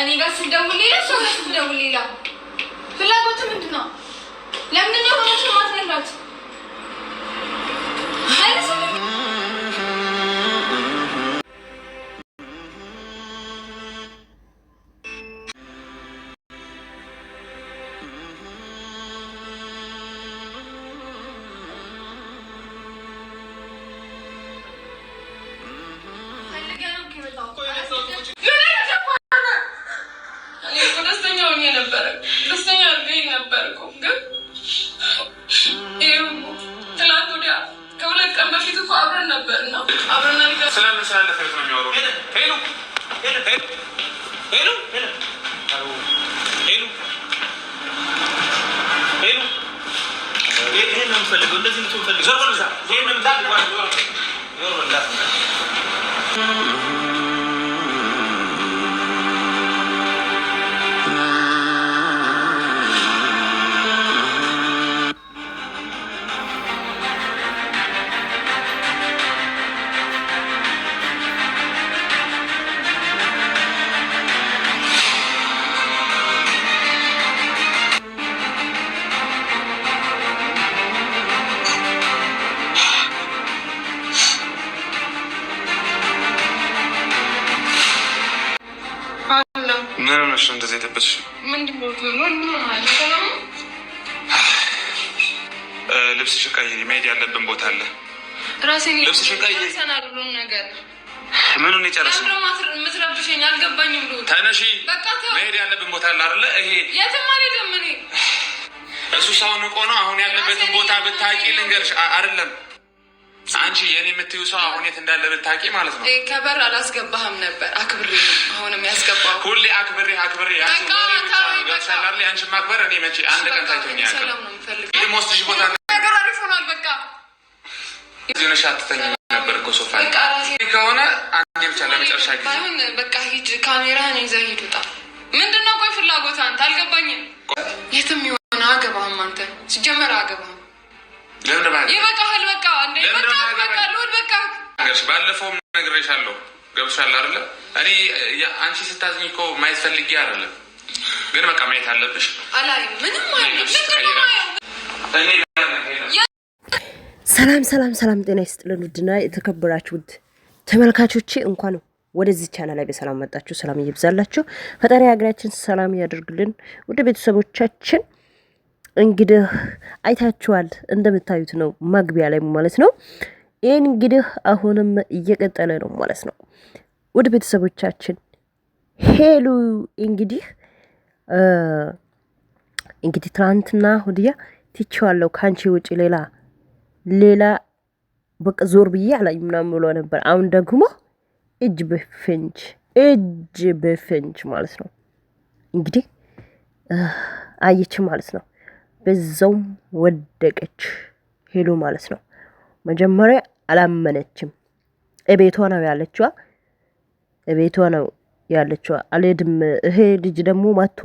እኔ ጋር ስደውል ሌላ ሰው ጋር ስደውል ሌላ። ፍላጎት ምንድን ነው? ደስተኛ ነበር እኮ ግን ትናንት ነው የምፈልገው። እንደዚህ ነው የምፈልገው። ዞር በል እዛ ይሄን ነው የምፈልገው። ዞር በል እንዳትመጣ ልብስ ሽቀይሪ፣ መሄድ ያለብን ቦታ አለ። ራሴን ልብስ ነገር ምን ነው የጨረስነው? የምትረብሽኝ አልገባኝም። ተነሺ፣ መሄድ ያለብን ቦታ አለ አይደለ? ይሄ የትም አልሄድም እኔ እሱ ሰው ንቆ ነው። አሁን ያለበትን ቦታ ብታቂ ልንገርሽ፣ አይደለም አንቺ የኔ የምትዩ ሰው አሁን የት እንዳለ ብታቂ ማለት ነው። ከበር አላስገባህም ነበር አክብሬ፣ አሁንም ያስገባሁ ሁሌ አክብሬ አክብሬ አንቺ ማክበር እኔ መቼ አንድ ቀን ታይቶኛል። ቦታ ተናግሯል። በቃ ዜኖች አትተኛ ነበር እኮ ሶፋ ከሆነ አንዴ ብቻ ለመጨረሻ ጊዜ ባይሆን በቃ ሂድ፣ ካሜራህን ይዘህ ሂድ። ውጣ። ምንድን ነው ቆይ ፍላጎት አንተ አልገባኝም። የትም የሆነ አገባህም አንተ ሲጀመር አገባህም። ይበቃሃል። በቃ እንደ በቃ ልሁን በቃ ባለፈውም ነግሬሻለሁ። ገብሻል አይደለ? እኔ አንቺ ስታዝኝ እኮ ማየት ፈልጌ አይደለም፣ ግን በቃ ማየት አለብሽ። አላይ ምንም አይነት ሰላም ሰላም ሰላም፣ ጤና ይስጥልን ውድና የተከበራችሁ ውድ ተመልካቾቼ እንኳን ወደዚህ ቻናል ላይ በሰላም መጣችሁ። ሰላም እየብዛላችሁ ፈጣሪ ሀገራችን ሰላም ያደርግልን። ውድ ቤተሰቦቻችን እንግዲህ አይታችኋል፣ እንደምታዩት ነው ማግቢያ ላይ ማለት ነው። ይህን እንግዲህ አሁንም እየቀጠለ ነው ማለት ነው። ውድ ቤተሰቦቻችን ሄሉ እንግዲህ እንግዲህ ትናንትና ሁድያ ትችዋለሁ ከአንቺ ውጭ ሌላ ሌላ በቃ ዞር ብዬ አላኝ ምናምን ብሎ ነበር። አሁን ደግሞ እጅ በፍንጅ እጅ በፍንጅ ማለት ነው እንግዲህ አየች ማለት ነው። በዛውም ወደቀች ሄሉ ማለት ነው። መጀመሪያ አላመነችም። እቤቷ ነው ያለችዋ፣ እቤቷ ነው ያለችዋ። አልሄድም ይሄ ልጅ ደግሞ መጥቶ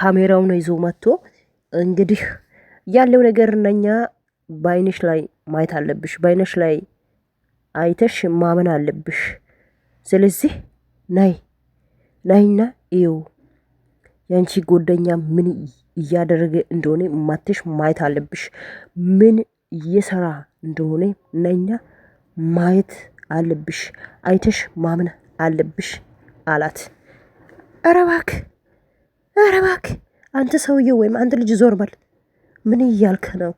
ካሜራውን ይዞ መጥቶ እንግዲህ ያለው ነገር እነኛ በአይንሽ ላይ ማየት አለብሽ። በአይንሽ ላይ አይተሽ ማመን አለብሽ። ስለዚህ ናይ ናይና እዩ የአንቺ ጎደኛ ምን እያደረገ እንደሆነ ማተሽ ማየት አለብሽ። ምን እየሰራ እንደሆነ ናይና ማየት አለብሽ። አይተሽ ማመን አለብሽ አላት። ኧረ እባክህ አንተ ሰውዬው ወይም አንተ ልጅ ዞር በል ምን እያልክ ነው?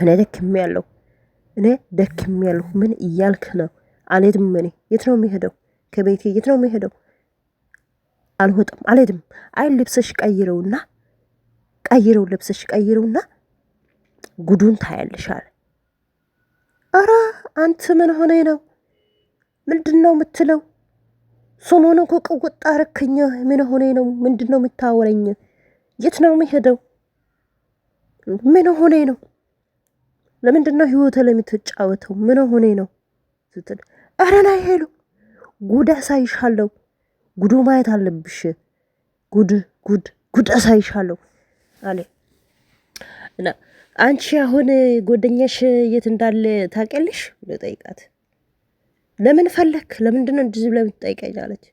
እኔ ደክም ያለሁ እኔ ደክም ያለሁ ምን እያልክ ነው? አልሄድም። እኔ የት ነው የሚሄደው? ከቤቴ የት ነው የሚሄደው? አልወጥም፣ አልሄድም። አይ ልብሰሽ ቀይረውና ቀይረው ልብሰሽ ቀይረውና ጉዱን ታያለሽ አለ። አረ አንተ ምን ሆነ ነው ምንድን ነው የምትለው? ሰሞኑን እኮ ቅውጥ አረከኝ። ምን ሆነ ነው? ምንድን ነው የምታወረኝ? የት ነው የሚሄደው? ምን ሆነ ነው? ለምንድን ነው ህይወት ለሚትጫወተው? ምን ሆኔ ነው ስትል ኧረ ናይ ሄሉ ጉድ አሳይሻለሁ። ጉዱ ማየት አለብሽ። ጉድ ጉድ ጉድ አሳይሻለሁ አለ እና አንቺ አሁን ጎደኛሽ የት እንዳለ ታውቂያለሽ ብሎ ጠይቃት። ለምን ፈለክ? ለምንድን ነው እንደዚህ ብለህ የምትጠይቀኝ አለች።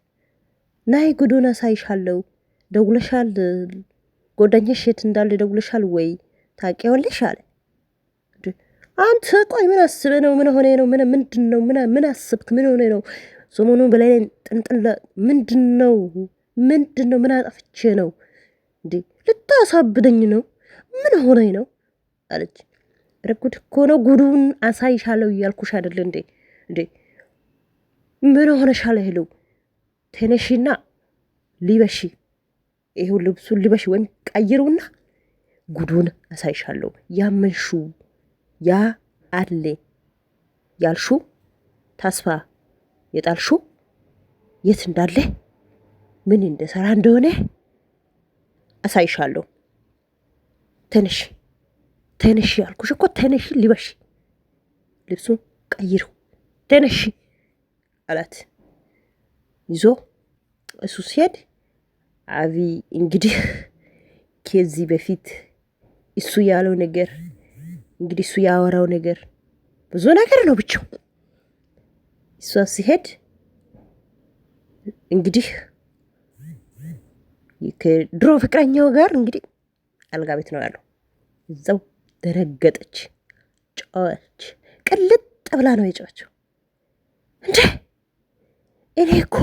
ናይ ጉዱን አሳይሻለሁ። ደውለሻል? ጎደኛሽ የት እንዳለ ደውለሻል ወይ ታውቂያለሽ አለ አንተ ቆይ ምን አስበ ነው? ምን ሆነ ነው? ምን ምንድን ነው? ምን ምን አስብክ? ምን ሆነ ነው? ሰሞኑን በላይ ላይ ጥንጥላ ምንድን ነው? ምንድን ነው? ምን አጠፍቼ ነው እንዴ? ልታሳብደኝ ነው? ምን ሆነ ነው አለች። ኧረ ጉድ እኮ ነው። ጉዱን አሳይሻለሁ እያልኩሽ አይደል እንዴ? እንዴ ምን ሆነሻለ? ይሄው ተነሺና ሊበሺ ይሄው ልብሱን ሊበሺ ወይም ቀይሩና ጉዱን አሳይሻለሁ ያመንሹ ያ አለ ያልሹ ተስፋ የጣልሹ የት እንዳለ ምን እንደሰራ እንደሆነ አሳይሻለሁ። ተነሽ ተነሽ ያልኩሽ እኮ ተነሽ፣ ልበሽ፣ ልብሱን ቀይሩ፣ ተነሽ ሊበሽ ልብሱን ቀይሩ ተነሽ አላት ይዞ እሱ ሲሄድ አቢ እንግዲህ ከዚህ በፊት እሱ ያለው ነገር እንግዲህ እሱ ያወራው ነገር ብዙ ነገር ነው። ብቻው እሷ ሲሄድ እንግዲህ ከድሮ ፍቅረኛው ጋር እንግዲህ አልጋ ቤት ነው ያለው። እዛው ደረገጠች፣ ጨዋች፣ ቅልጥ ብላ ነው የጨዋቸው። እንዴ እኔ እኮ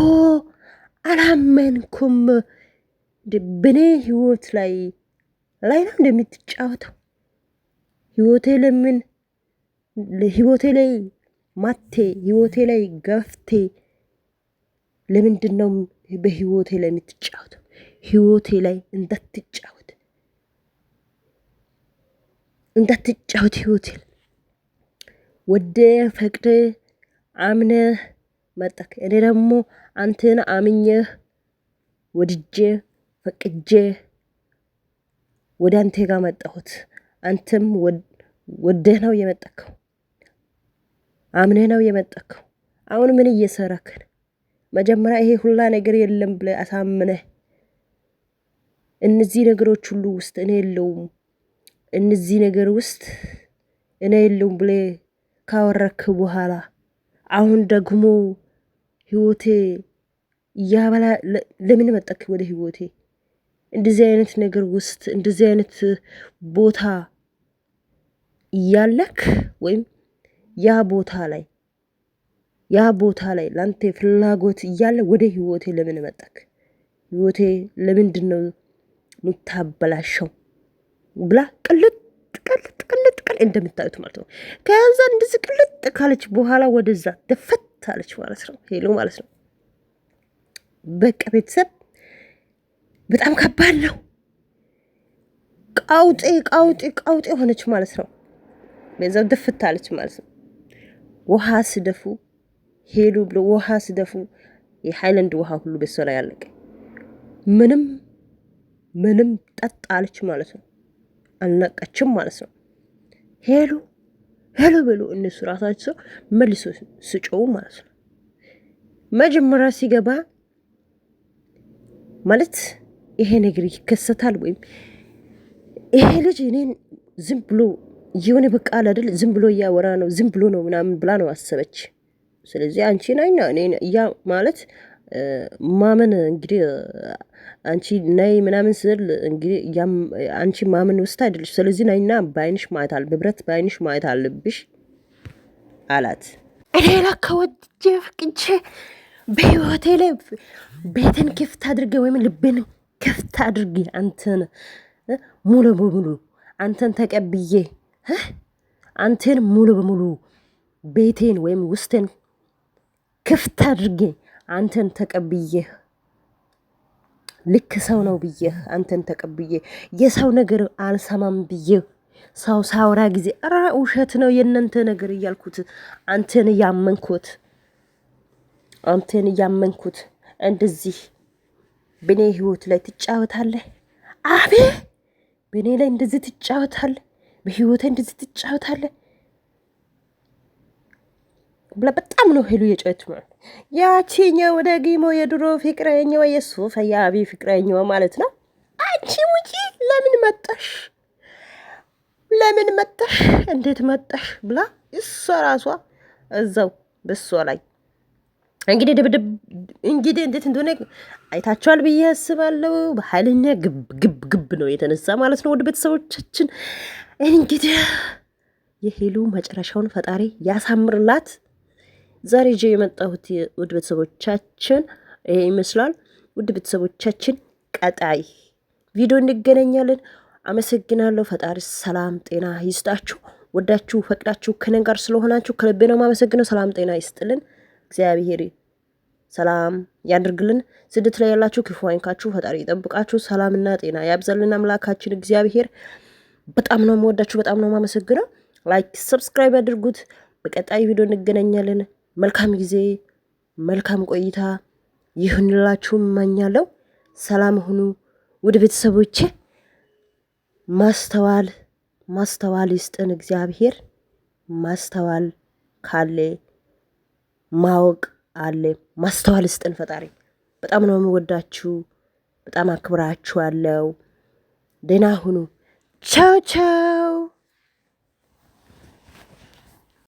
አላመንኩም። በኔ ህይወት ላይ ላይ ነው እንደምትጫወተው ህይወቴ ለምን ህይወቴ ላይ ማቴ ህይወቴ ላይ ገፍቴ ለምንድን ነው በህይወቴ ላይ የምትጫወተው? ህይወቴ ላይ እንዳትጫወት እንዳትጫወት ህይወቴ ወደ ፈቅደ አምነ መጠክ እኔ ደግሞ አንተን አምኘህ ወድጄ ፈቅጄ ወደ አንተ ጋር መጣሁት አንተም ወድ ወደህ ነው የመጠከው፣ አምነህ ነው የመጠከው። አሁን ምን እየሰረክን? መጀመሪያ ይሄ ሁላ ነገር የለም ብለህ አሳምነህ እነዚህ ነገሮች ሁሉ ውስጥ እኔ የለውም እነዚህ ነገር ውስጥ እኔ የለውም ብሌ ካወረክ በኋላ አሁን ደግሞ ህይወቴ እያበላ ለምን መጠክ? ወደ ህይወቴ እንደዚህ አይነት ነገር ውስጥ እንደዚህ አይነት ቦታ እያለክ ወይም ያ ቦታ ላይ ያ ቦታ ላይ ላንተ ፍላጎት እያለ ወደ ህይወቴ ለምን መጣክ? ህይወቴ ለምንድነው የምታበላሸው? ብላ ቅልጥ ቅልጥ ቅልጥ ቅል እንደምታዩት ማለት ነው። ከዛ እንደዚህ ቅልጥ ካለች በኋላ ወደዛ ደፈት አለች ማለት ነው። ሄሎ ማለት ነው። በቃ ቤተሰብ በጣም ከባድ ነው። ቃውጤ ቃውጤ ቃውጤ ሆነች ማለት ነው። በዛው ድፍት አለች ማለት ነው። ውሃ ስደፉ ሄዱ ብሎ ውሃ ስደፉ የሃይላንድ ውሃ ሁሉ በሷ ላይ አለቀ። ምንም ምንም ጠጥ አለች ማለት ነው። አልነቀችም ማለት ነው። ሄሉ ሄሉ ብሎ እነሱ ራሳቸው መልሶ ስጮው ማለት ነው። መጀመሪያ ሲገባ ማለት ይሄ ነገር ይከሰታል ወይም ይሄ ልጅ እኔን ዝም ብሎ የሆነ በቃ አይደል ዝም ብሎ እያወራ ነው ዝም ብሎ ነው ምናምን ብላ ነው አሰበች። ስለዚህ አንቺ አንቺን እኔ ያ ማለት ማመን እንግዲህ አንቺ ናይ ምናምን ስል እንግዲህ አንቺ ማመን ውስጥ አይደለሽ። ስለዚህ ናይና በአይንሽ ማየት አለ ብብረት በአይንሽ ማየት አለብሽ አላት። እኔ ላካ ወድጄ ፍቅጄ በህይወቴ ላይ ቤትን ክፍት አድርጌ ወይም ልቤን ክፍት አድርጌ አንተን ሙሉ በሙሉ አንተን ተቀብዬ አንተን ሙሉ በሙሉ ቤቴን ወይም ውስቴን ክፍት አድርጌ አንተን ተቀብዬህ ልክ ሰው ነው ብዬህ አንተን ተቀብዬ የሰው ነገር አልሰማም ብዬ ሰው ሳውራ ጊዜ ኧረ ውሸት ነው የእናንተ ነገር እያልኩት አንተን እያመንኩት አንተን እያመንኩት እንደዚህ በኔ ህይወት ላይ ትጫወታለህ። አቤ በኔ ላይ እንደዚህ ትጫወታለህ። በህይወት እንደዚህ ትጫወታለህ ብላ በጣም ነው ሄሉ የጨች ማለት ያቺኛው ደግሞ የድሮ ፍቅረኛዋ የሱ ፈያቢ ፍቅረኛዋ ማለት ነው። አንቺ ውጪ ለምን መጣሽ? ለምን መጣሽ? እንዴት መጣሽ? ብላ እሷ ራሷ እዛው በሷ ላይ እንግዲህ ድብድብ እንግዲህ እንዴት እንደሆነ አይታችኋል ብዬ አስባለሁ። በኃይለኛ ግብ ግብ ግብ ነው የተነሳ ማለት ነው። ወደ ቤተሰቦቻችን እንግዲህ የሄሉ መጨረሻውን ፈጣሪ ያሳምርላት። ዛሬ ይዤ የመጣሁት ውድ ቤተሰቦቻችን ይሄ ይመስላል። ውድ ቤተሰቦቻችን ቀጣይ ቪዲዮ እንገናኛለን። አመሰግናለሁ። ፈጣሪ ሰላም ጤና ይስጣችሁ። ወዳችሁ ፈቅዳችሁ ከነን ጋር ስለሆናችሁ ከልቤ ነው የማመሰግነው። ሰላም ጤና ይስጥልን እግዚአብሔር ሰላም ያድርግልን። ስደት ላይ ያላችሁ ክፉ አይንካችሁ፣ ፈጣሪ ይጠብቃችሁ፣ ሰላምና ጤና ያብዛልን አምላካችን እግዚአብሔር። በጣም ነው የምወዳችሁ፣ በጣም ነው የማመሰግነው። ላይክ ሰብስክራይብ ያድርጉት። በቀጣይ ቪዲዮ እንገናኛለን። መልካም ጊዜ፣ መልካም ቆይታ ይሁንላችሁ እመኛለሁ። ሰላም ሁኑ ውድ ቤተሰቦቼ። ማስተዋል ማስተዋል ይስጥን እግዚአብሔር። ማስተዋል ካለ ማወቅ አለ። ማስተዋል ስጥን ፈጣሪ። በጣም ነው የምወዳችሁ። በጣም አክብራችሁ አለው። ደህና ሁኑ። ቻው ቻው።